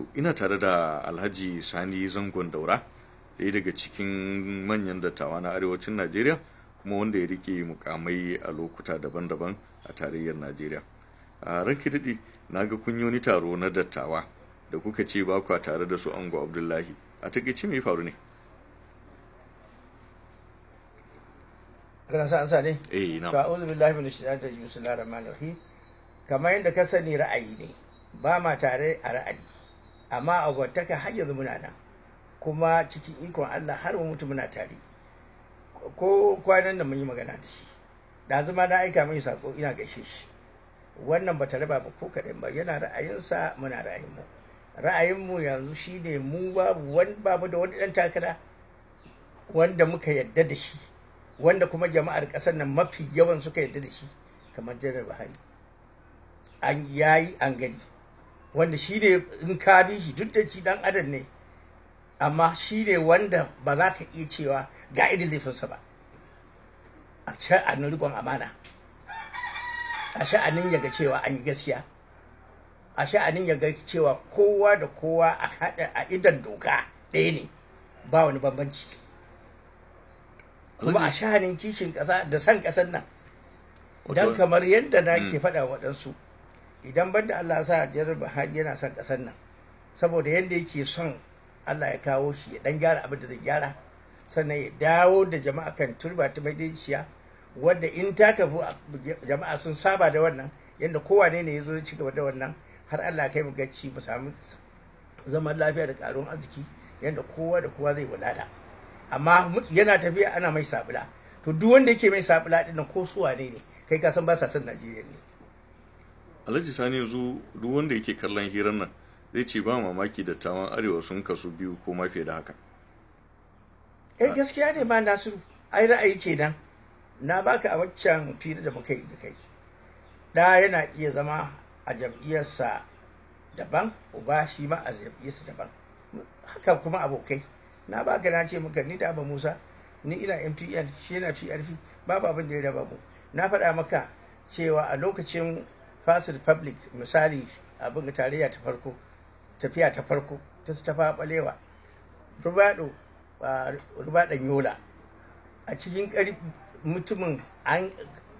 To ina tare da Alhaji Sani Zangon Daura, ɗaya daga cikin manyan dattawa na arewacin Najeriya kuma wanda ya rike mukamai a lokuta daban-daban a tarayyar Najeriya. A ranki daɗi na ga kunyo ni taro na dattawa da kuka ce ba kwa tare da su Ango Abdullahi. A takaice me faru ne? sa ne? Eh, na. Kamar yadda ka sani ra'ayi ne. Ba ma tare a ra'ayi. amma a gwantaka har yanzu muna nan kuma cikin ikon Allah har mu mutu muna tare ko kwanan da mun yi magana da shi ɗazu ma na aika yi sako ina gaishe shi wannan ba raba ba ko kaɗai ba yana ra'ayinsa muna ra'ayin mu yanzu shi ne mu babu wani babu da wani ɗan takara wanda muka yadda da shi wanda kuma jama'ar ƙasar nan mafi yawan suka yadda da shi kamar janar bahari an yayi an gani wanda shi ne in ka bi shi duk da shi dan adam ne amma shi ne wanda ba za ka iya cewa ga irin laifinsa ba a sha'anin rikon amana a sha'anin yaga cewa an yi gaskiya a sha'anin yaga cewa kowa da kowa a haɗa a idan doka ɗaya ne ba wani bambanci kuma a sha'anin kishin kasa da san ƙasar nan don kamar yadda na ke mm. faɗa waɗansu idan ban da Allah sa jirar Buhari yana son ƙasar nan saboda yadda yake son Allah ya kawo shi ya dan gyara abin da zai gyara sannan ya dawo da jama'a kan turba ta madiciya wadda in ta tafi jama'a sun saba da wannan yadda kowane ne ya zo ci gaba da wannan har Allah kai mu gacci mu samu zaman lafiya da karuwan arziki yadda kowa da kowa zai wadata amma yana tafiya ana mai sabula to duk wanda yake mai sabula dinnan ko suwa ne ne kai ka san ba sa son Najeriya ne alhaji sani yanzu duk wanda yake kallon hirar nan zai ce ba mamaki da taman arewa sun kasu biyu ko mafi da haka eh gaskiya ne ba nasiru ai ra'ayi kenan na baka a waccan fili da muka yi da kai da yana iya zama a jam'iyyarsa daban uba shi ma a jam'iyyarsa daban haka kuma abokai na baka na ce maka ni da abu Musa ni ina MTN shi yana PRP babu abin da ya raba mu na faɗa maka cewa a lokacin first republic misali abin tarayya ta farko tafiya ta farko ta su tafa balewa rubado rubadan yola a cikin mutumin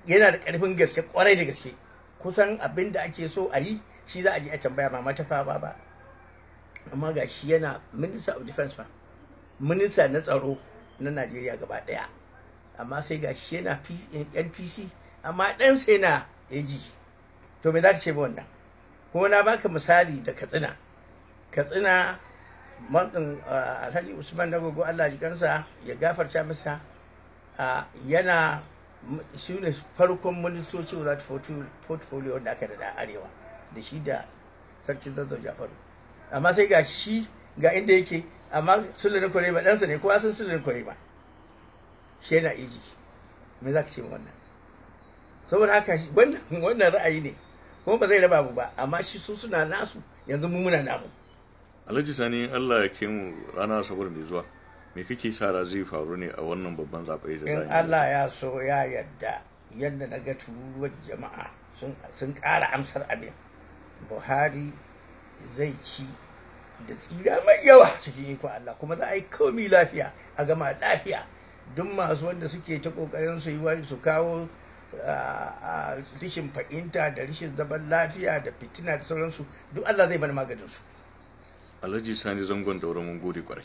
yana da karfin gaske kwarai da gaske kusan abin da ake so a yi shi za a je a tambaya mama ta ba ba amma ga shi yana minister of defense ba minista na tsaro na najeriya gaba daya amma sai ga shi yana npc amma ɗansa yana AG. to me za ka ce wannan kuma na baka misali da katsina katsina mamɗin um, alhaji usman na gogo allah ji kansa ya gafarta masa yana shi ne farkon ministoci za portfolio da aka da arewa da shi da sarkin zazzau jafaru amma sai ga shi ga inda yake amma sulun kurema ɗansa ne kowa sun sulun kurema shi yana iji me za ka ce wannan saboda haka wannan ra'ayi ne kuma ba zai raba mu ba amma shi su suna nasu yanzu mu muna namu alhaji sani allah ya ke mu rana sabar mai zuwa me kake sara zai faru ne a wannan babban zaɓe da in allah ya so ya yadda yadda na ga turuwar jama'a sun kara amsar abin buhari zai ci da tsira mai yawa cikin iko Allah kuma za a yi komi lafiya a gama lafiya duk masu wanda suke ta ƙoƙarin su yi su kawo rishin fahimta da rishin zaman lafiya da fitina da sauransu duk Allah zai bani maganin su Alhaji Sani zangon daura mun gode kwarai